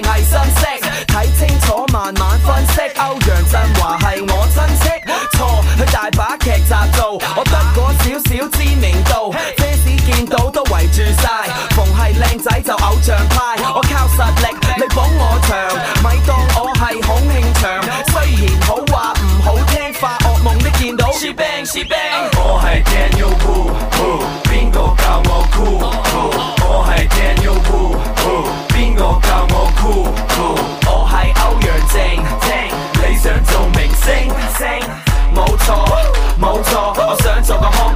定係新色，睇清楚慢慢分析。歐陽震華係我親戚，錯，佢大把劇集做，我得嗰少少知名度，fans、hey! 見到都圍住晒，逢係靚仔就偶像派，我靠實力，你捧我場，咪當我係孔慶祥。雖然好話唔好聽，發噩夢都見到。She bang, she bang. 我是 bang，我是 bang，我係 Daniel Wu。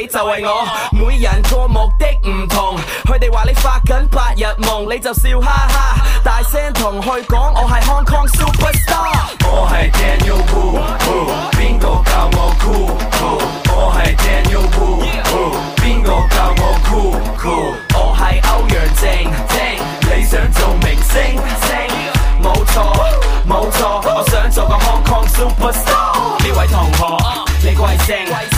你就係，我每人個目的唔同，佢哋話你發緊八日夢，你就笑哈哈大聲同佢講，我係 Hong Kong Superstar 我係 Daniel boo boo 邊個教我酷酷我係 Daniel boo boo 教我酷 boo，我係 boo, boo，我酷 boo，我係歐陽正。正你想做明星正冇錯冇錯，我想做個 Hong Kong Superstar 呢位同學，你貴姓？